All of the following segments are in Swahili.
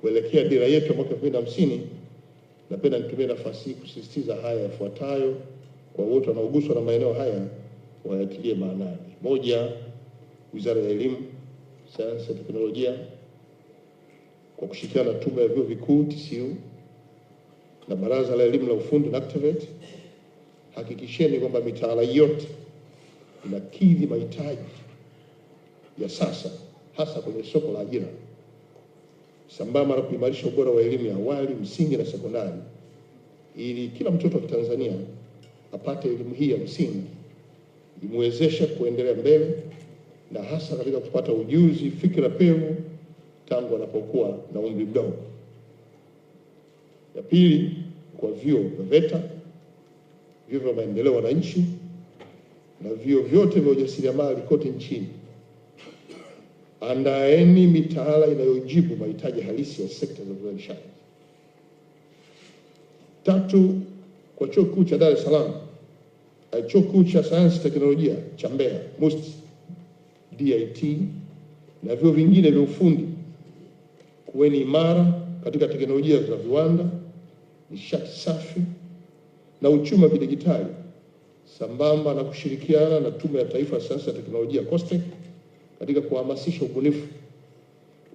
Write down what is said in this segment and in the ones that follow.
kuelekea dira yetu ya mwaka 2050, napenda nitumie nafasi hii kusisitiza haya yafuatayo kwa wote wanaoguswa na maeneo haya wayatilie maanani. Moja, Wizara ya Elimu, Sayansi na Teknolojia kwa kushirikiana na Tume ya Vyuo Vikuu TCU na Baraza la Elimu la Ufundi na NACTVET, hakikisheni kwamba mitaala yote inakidhi mahitaji ya sasa hasa kwenye soko la ajira sambamba na kuimarisha ubora wa elimu ya awali, msingi na sekondari, ili kila mtoto wa Kitanzania apate elimu hii ya msingi imwezeshe kuendelea mbele na hasa katika kupata ujuzi, fikra pevu tangu anapokuwa na umri mdogo. Ya pili, kwa vyuo vya VETA, vyuo vya maendeleo wananchi na vyuo vyote vya ujasiriamali kote nchini. Andaeni mitaala inayojibu mahitaji halisi ya sekta za uzalishaji. Tatu, kwa chuo kikuu cha Dar es Salaam, eh, chuo kikuu cha sayansi teknolojia cha Mbeya MUST, DIT na vyuo vingine vya ufundi, kuweni imara katika teknolojia za viwanda, nishati safi na uchumi wa kidijitali, sambamba na kushirikiana na Tume ya Taifa ya Sayansi na Teknolojia COSTECH katika kuhamasisha ubunifu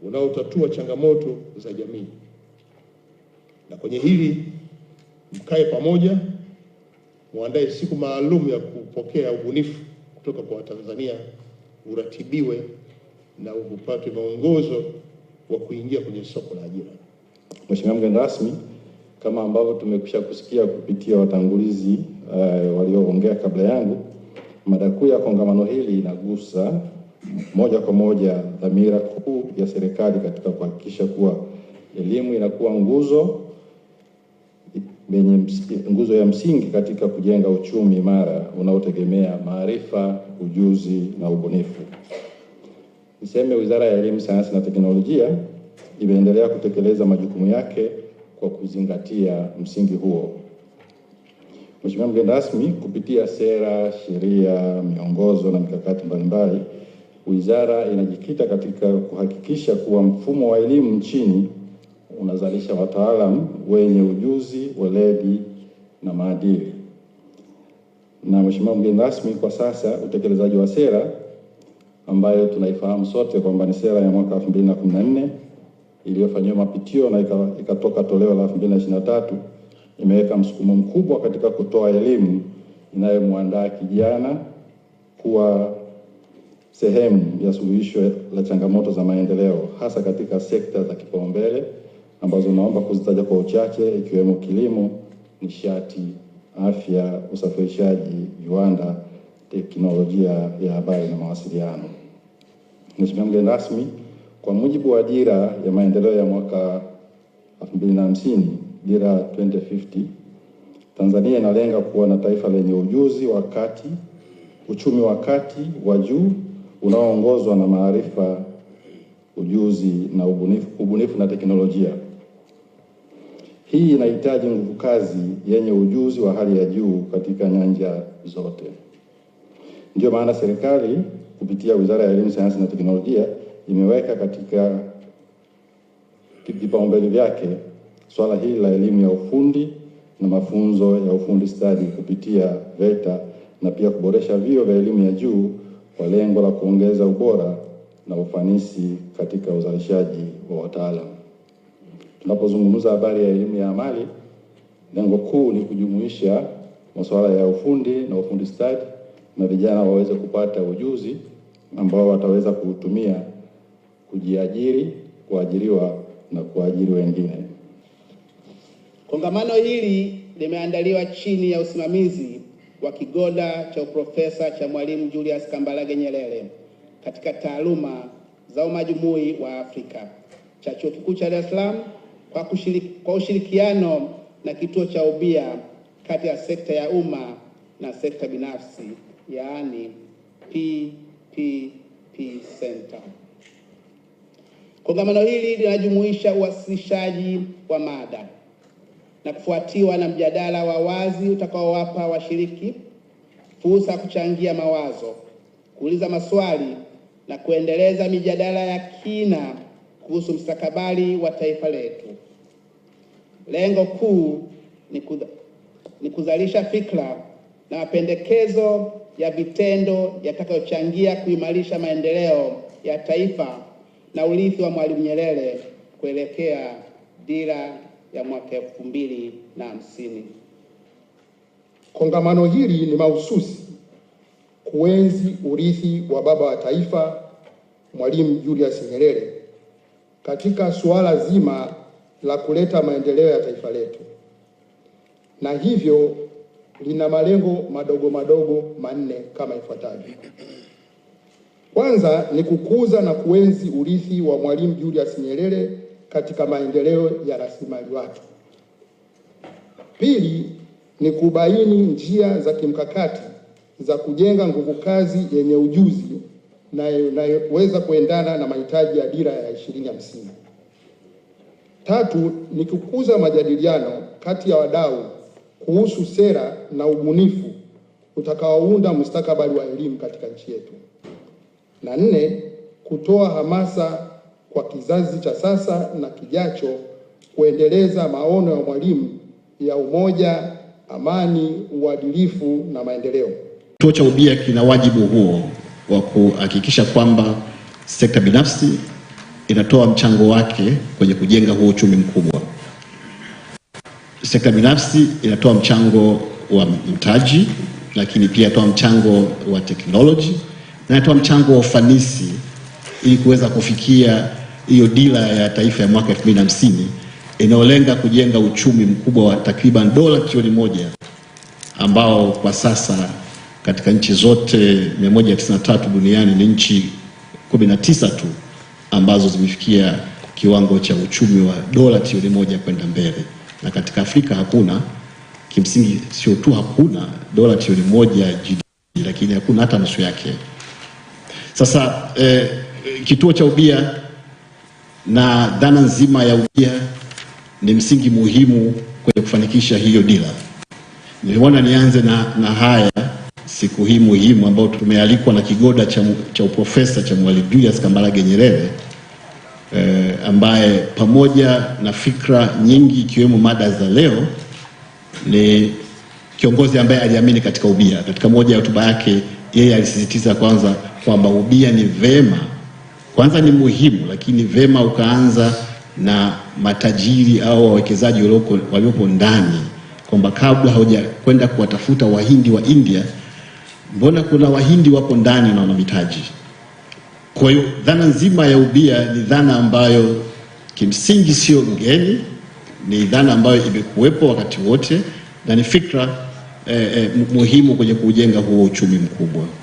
unaotatua changamoto za jamii. Na kwenye hili mkae pamoja, muandae siku maalum ya kupokea ubunifu kutoka kwa Watanzania, uratibiwe na upate maongozo wa kuingia kwenye soko la ajira. Mheshimiwa mgeni rasmi, kama ambavyo tumekwisha kusikia kupitia watangulizi uh, walioongea kabla yangu, mada kuu ya kongamano hili inagusa moja kwa moja dhamira kuu ya serikali katika kuhakikisha kuwa elimu inakuwa nguzo yenye nguzo ya msingi katika kujenga uchumi imara unaotegemea maarifa, ujuzi na ubunifu. Niseme Wizara ya Elimu, Sayansi na Teknolojia imeendelea kutekeleza majukumu yake kwa kuzingatia msingi huo. Mheshimiwa mgeni rasmi, kupitia sera, sheria, miongozo na mikakati mbalimbali wizara inajikita katika kuhakikisha kuwa mfumo wa elimu nchini unazalisha wataalamu wenye ujuzi, weledi na maadili. Na Mheshimiwa mgeni rasmi, kwa sasa utekelezaji wa sera ambayo tunaifahamu sote kwamba ni sera ya mwaka 2014 iliyofanyiwa mapitio na ikatoka toleo la 2023 imeweka msukumo mkubwa katika kutoa elimu inayomwandaa kijana kuwa sehemu ya suluhisho la changamoto za maendeleo hasa katika sekta za kipaumbele ambazo naomba kuzitaja kwa uchache ikiwemo kilimo, nishati, afya, usafirishaji, viwanda, teknolojia ya habari na mawasiliano. Mheshimiwa mgeni rasmi, kwa mujibu wa dira ya maendeleo ya mwaka 2050 dira 2050, Tanzania inalenga kuwa na taifa lenye ujuzi wa kati, uchumi wa kati wa juu unaoongozwa na maarifa, ujuzi na ubunifu, ubunifu na teknolojia. Hii inahitaji nguvu kazi yenye ujuzi wa hali ya juu katika nyanja zote. Ndiyo maana serikali kupitia Wizara ya Elimu, Sayansi na Teknolojia imeweka katika vipaumbele vyake swala hili la elimu ya ufundi na mafunzo ya ufundi stadi kupitia VETA na pia kuboresha vio vya elimu ya juu kwa lengo la kuongeza ubora na ufanisi katika uzalishaji wa wataalamu. Tunapozungumza habari ya elimu ya amali, lengo kuu ni kujumuisha masuala ya ufundi na ufundi stadi na vijana waweze kupata ujuzi ambao wataweza kuutumia kujiajiri, kuajiriwa na kuajiri wengine. Kongamano hili limeandaliwa chini ya usimamizi wa kigoda cha uprofesa cha Mwalimu Julius Kambarage Nyerere katika taaluma za umajumui wa Afrika cha Chuo Kikuu cha Dar es Salaam kwa, kwa ushirikiano na kituo cha ubia kati ya sekta ya umma na sekta binafsi yaani PPP Center. Kongamano hili linajumuisha uwasilishaji wa mada na kufuatiwa na mjadala wa wazi utakaowapa washiriki fursa ya kuchangia mawazo, kuuliza maswali na kuendeleza mijadala ya kina kuhusu mstakabali wa taifa letu. Lengo kuu ni, kudha, ni kuzalisha fikra na mapendekezo ya vitendo yatakayochangia kuimarisha maendeleo ya taifa na urithi wa Mwalimu Nyerere kuelekea dira ya mwaka elfu mbili na hamsini. Kongamano hili ni mahususi kuenzi urithi wa baba wa taifa Mwalimu Julius Nyerere katika suala zima la kuleta maendeleo ya taifa letu, na hivyo lina malengo madogo madogo manne kama ifuatavyo. Kwanza ni kukuza na kuenzi urithi wa Mwalimu Julius Nyerere katika maendeleo ya rasilimali watu. Pili ni kubaini njia za kimkakati za kujenga nguvu kazi yenye ujuzi na inayoweza kuendana na mahitaji ya dira ya 2050. Tatu ni kukuza majadiliano kati ya wadau kuhusu sera na ubunifu utakaounda mustakabali wa elimu katika nchi yetu. Na nne, kutoa hamasa kwa kizazi cha sasa na kijacho kuendeleza maono ya Mwalimu ya umoja, amani, uadilifu na maendeleo. Kituo cha ubia kina wajibu huo wa kuhakikisha kwamba sekta binafsi inatoa mchango wake kwenye kujenga huo uchumi mkubwa. Sekta binafsi inatoa mchango wa mtaji, lakini pia inatoa mchango wa teknoloji na inatoa mchango wa ufanisi ili kuweza kufikia hiyo dira ya taifa ya mwaka 2050 inayolenga kujenga uchumi mkubwa wa takriban dola trilioni moja ambao kwa sasa katika nchi zote 193 duniani ni nchi 19 tu ambazo zimefikia kiwango cha uchumi wa dola trilioni moja kwenda mbele, na katika Afrika hakuna. Kimsingi sio tu hakuna dola trilioni moja GDP, lakini hakuna hata nusu yake. Sasa eh, kituo cha ubia na dhana nzima ya ubia ni msingi muhimu kwenye kufanikisha hiyo dira. Niliona nianze na, na haya siku hii muhimu ambayo tumealikwa na kigoda cha, cha uprofesa cha Mwalimu Julius Kambarage Nyerere eh, ambaye pamoja na fikra nyingi ikiwemo mada za leo ni kiongozi ambaye aliamini katika ubia. Katika moja ya hotuba yake yeye alisisitiza kwanza kwamba ubia ni vema kwanza ni muhimu, lakini vema ukaanza na matajiri au wawekezaji waliopo ndani, kwamba kabla haujakwenda kuwatafuta wahindi wa India, mbona kuna wahindi wapo ndani na wana mitaji. Kwa hiyo dhana nzima ya ubia ni dhana ambayo kimsingi sio ngeni, ni dhana ambayo imekuwepo wakati wote na ni fikra eh, eh, muhimu kwenye kujenga huo uchumi mkubwa.